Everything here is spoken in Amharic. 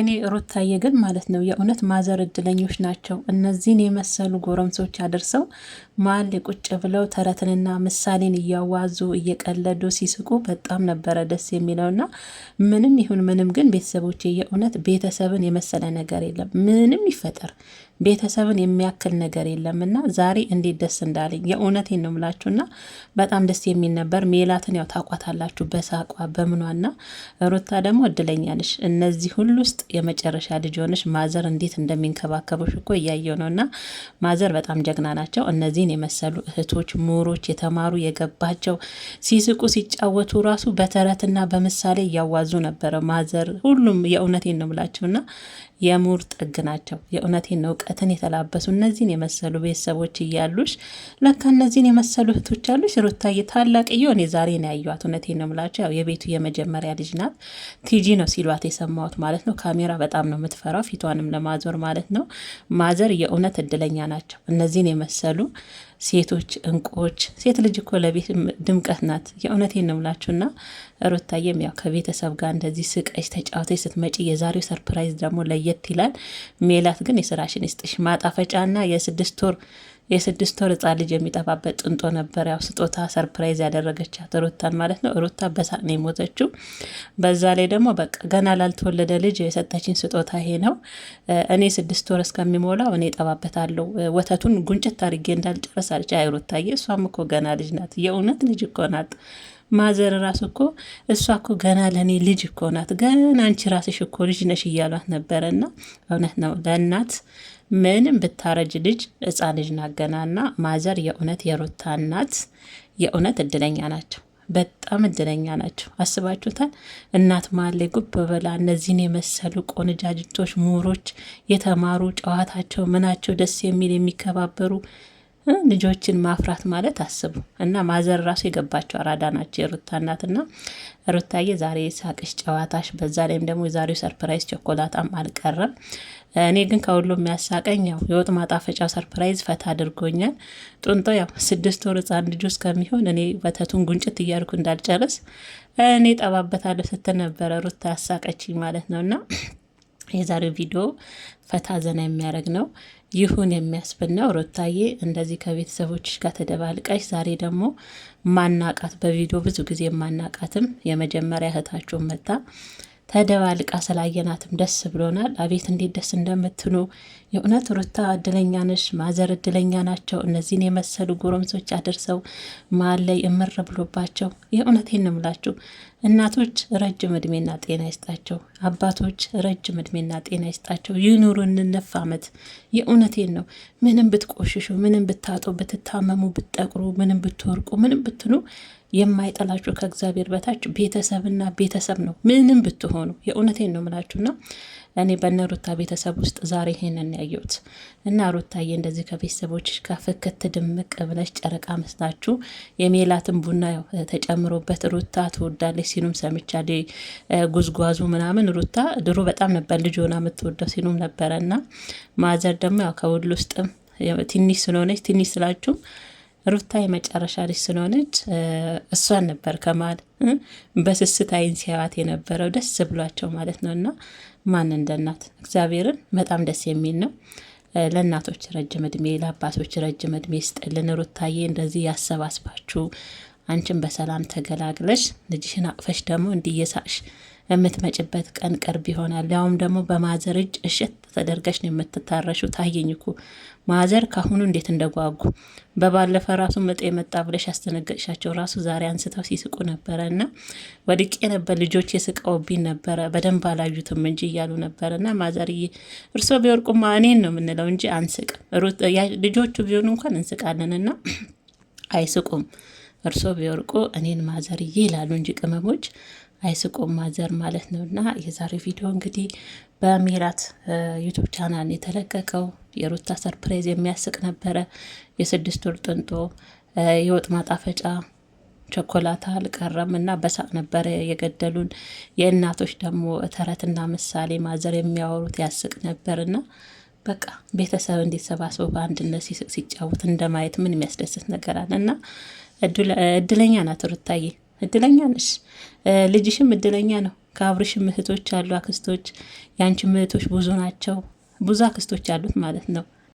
እኔ ሩታዬ ግን ማለት ነው የእውነት ማዘር እድለኞች ናቸው። እነዚህን የመሰሉ ጎረምሶች አደርሰው ማል ቁጭ ብለው ተረትንና ምሳሌን እያዋዙ እየቀለዱ ሲስቁ በጣም ነበረ ደስ የሚለውና ምንም ይሁን ምንም ግን ቤተሰቦች የእውነት ቤተሰብን የመሰለ ነገር የለም። ምንም ይፈጠር ቤተሰብን የሚያክል ነገር የለም እና ዛሬ እንዴት ደስ እንዳለኝ የእውነቴን ነው የምላችሁና በጣም ደስ የሚል ነበር። ሜላትን ያው ታቋታላችሁ በሳቋ በምኗና ሩታ ደግሞ እድለኛ እነዚህ ሁሉ ውስጥ የመጨረሻ ልጅ ሆነሽ ማዘር እንዴት እንደሚንከባከቡሽ እኮ እያየው ነው እና ማዘር በጣም ጀግና ናቸው እነዚህ እነዚህን የመሰሉ እህቶች ምሁሮች፣ የተማሩ የገባቸው ሲስቁ ሲጫወቱ ራሱ በተረትና በምሳሌ እያዋዙ ነበረ። ማዘር ሁሉም የእውነቴን ነው ብላችሁና የምሁር ጥግ ናቸው። የእውነቴን ነው እውቀትን የተላበሱ እነዚህን የመሰሉ ቤተሰቦች እያሉሽ ለካ እነዚህን የመሰሉ እህቶች አሉሽ። ሩታዬ ታላቅ እየሆን የዛሬ ነው ያዩት። እውነቴን ነው ብላቸው። ያው የቤቱ የመጀመሪያ ልጅ ናት። ቲጂ ነው ሲሏት የሰማሁት ማለት ነው። ካሜራ በጣም ነው የምትፈራው ፊቷንም ለማዞር ማለት ነው። ማዘር የእውነት እድለኛ ናቸው እነዚህን የመሰሉ ሴቶች እንቁዎች። ሴት ልጅ እኮ ለቤት ድምቀት ናት። የእውነቴን ነው ምላችሁና ሩታዬም ያው ከቤተሰብ ጋር እንደዚህ ስቀሽ ተጫውተሽ ስትመጪ የዛሬው ሰርፕራይዝ ደግሞ ለየት ይላል። ሜላት ግን የስራሽን ይስጥሽ። ማጣፈጫና የስድስት ወር የስድስት ወር ህጻን ልጅ የሚጠፋበት ጥንጦ ነበር። ያው ስጦታ ሰርፕራይዝ ያደረገቻት ሩታን ማለት ነው። ሩታ በሳቅ ነው የሞተችው። በዛ ላይ ደግሞ በቃ ገና ላልተወለደ ልጅ የሰጠችኝ ስጦታ ይሄ ነው። እኔ ስድስት ወር እስከሚሞላው እኔ እጠባበታለሁ። ወተቱን ጉንጭት አድርጌ እንዳልጨረስ አለች። አይ ሩታዬ፣ እሷም እኮ ገና ልጅ ናት። የእውነት ልጅ እኮ ናት። ማዘር ራሱ እኮ እሷ እኮ ገና ለእኔ ልጅ እኮ ናት። ገና አንቺ ራስሽ እኮ ልጅ ነሽ እያሏት ነበረና እውነት ነው ለእናት ምንም ብታረጅ ልጅ ህፃን ልጅ ናገናና ማዘር የእውነት የሩታ እናት የእውነት እድለኛ ናቸው። በጣም እድለኛ ናቸው። አስባችሁታል? እናት ማለ ጉብ በላ እነዚህን የመሰሉ ቆንጃጅቶች፣ ምሁሮች፣ የተማሩ ጨዋታቸው ምናቸው ደስ የሚል የሚከባበሩ ልጆችን ማፍራት ማለት አስቡ እና ማዘር ራሱ የገባቸው አራዳ ናቸው። የሩታ እናት ና ሩታዬ ዛሬ ሳቅሽ ጨዋታሽ፣ በዛ ላይም ደግሞ የዛሬው ሰርፕራይዝ ቸኮላታም አልቀረም። እኔ ግን ከሁሉ የሚያሳቀኝ ያው የወጥ ማጣፈጫው ሰርፕራይዝ ፈታ አድርጎኛል። ጡንጦ ያው ስድስት ወር ህፃን ልጅ እስከሚሆን እኔ ወተቱን ጉንጭት እያልኩ እንዳልጨርስ እኔ ጠባበታለሁ ስትል ነበረ ሩታ ያሳቀችኝ ማለት ነው እና የዛሬው ቪዲዮ ፈታ ዘና የሚያደርግ ነው። ይሁን የሚያስብል ነው። ሮታዬ እንደዚህ ከቤተሰቦችሽ ጋር ተደባልቀሽ ዛሬ ደግሞ ማናቃት በቪዲዮ ብዙ ጊዜ ማናቃትም የመጀመሪያ እህታችሁን መታ ተደባልቃ ስላየናትም ደስ ብሎናል። አቤት እንዴት ደስ እንደምትሉ የእውነት ሩታ እድለኛ ነሽ፣ ማዘር እድለኛ ናቸው። እነዚህን የመሰሉ ጎረምሶች አድርሰው መሀል ላይ እምር ብሎባቸው የእውነቴን እምላችሁ እናቶች ረጅም እድሜና ጤና ይስጣቸው። አባቶች ረጅም እድሜና ጤና ይስጣቸው። ይኑሩ እንነፍ አመት። የእውነቴን ነው። ምንም ብትቆሽሹ፣ ምንም ብታጡ፣ ብትታመሙ፣ ብትጠቅሩ ምንም ብትወርቁ፣ ምንም ብትሉ የማይጠላችሁ ከእግዚአብሔር በታች ቤተሰብና ቤተሰብ ነው፣ ምንም ብትሆኑ። የእውነቴን ነው ምላችሁና እኔ በነ ሩታ ቤተሰብ ውስጥ ዛሬ ይሄንን ያየሁት እና ሩታዬ እንደዚህ ከቤተሰቦች ከፍክት ፍክት ድምቅ ብለሽ ጨረቃ መስላችሁ የሜላትን ቡና ተጨምሮበት ሩታ ትወዳለች ሲሉም ሰምቻለሁ። ጉዝጓዙ ምናምን ሩታ ድሮ በጣም ነበር ልጅ ሆና የምትወደው ሲሉም ነበረ እና ማዘር ደግሞ ያው ከሁሉ ውስጥም ትንሽ ስለሆነች ትንሽ ስላችሁ ሩታ የመጨረሻ ልጅ ስለሆነች እሷን ነበር ከማል በስስት አይን ሲያዋት የነበረው ደስ ብሏቸው ማለት ነው። እና ማን እንደ እናት እግዚአብሔርን በጣም ደስ የሚል ነው። ለእናቶች ረጅም እድሜ፣ ለአባቶች ረጅም እድሜ ስጥልን። ሩታዬ እንደዚህ ያሰባስባችሁ አንቺን በሰላም ተገላግለሽ ልጅሽን አቅፈሽ ደግሞ እንዲየሳሽ የምትመጭበት ቀን ቅርብ ይሆናል። ያውም ደግሞ በማዘር እጅ እሽት ተደርገሽ ነው የምትታረሹ። ታየኝ እኮ ማዘር ካሁኑ እንዴት እንደጓጉ። በባለፈ ራሱ ምጥ የመጣ ብለሽ ያስተነገጥሻቸው ራሱ ዛሬ አንስተው ሲስቁ ነበረ እና ወድቄ ነበር ልጆች የስቀውብኝ ነበረ በደንብ አላዩትም እንጂ እያሉ ነበረ እና ማዘርዬ እርሶ ቢወርቁማ እኔን ነው የምንለው እንጂ አንስቅ። ልጆቹ ቢሆኑ እንኳን እንስቃለን እና አይስቁም። እርሶ ቢወርቁ እኔን ማዘርዬ ይላሉ እንጂ ቅመሞች አይስቁም ማዘር ማለት ነው። እና የዛሬ ቪዲዮ እንግዲህ በሚራት ዩቱብ ቻናል የተለቀቀው የሩታ ሰርፕራይዝ የሚያስቅ ነበረ። የስድስት ወር ጥንጦ የወጥ ማጣፈጫ ቸኮላታ አልቀረም እና በሳቅ ነበረ የገደሉን። የእናቶች ደግሞ ተረትና ምሳሌ ማዘር የሚያወሩት ያስቅ ነበር እና በቃ ቤተሰብ እንዴት ሰባስበው በአንድነት ሲስቅ ሲጫወት እንደማየት ምን የሚያስደስት ነገር አለ እና እድለኛ ናት ሩታዬ፣ እድለኛ ነሽ። ልጅሽም እድለኛ ነው። ከአብርሽም እህቶች አሉ፣ አክስቶች። የአንቺም እህቶች ብዙ ናቸው፣ ብዙ አክስቶች አሉት ማለት ነው።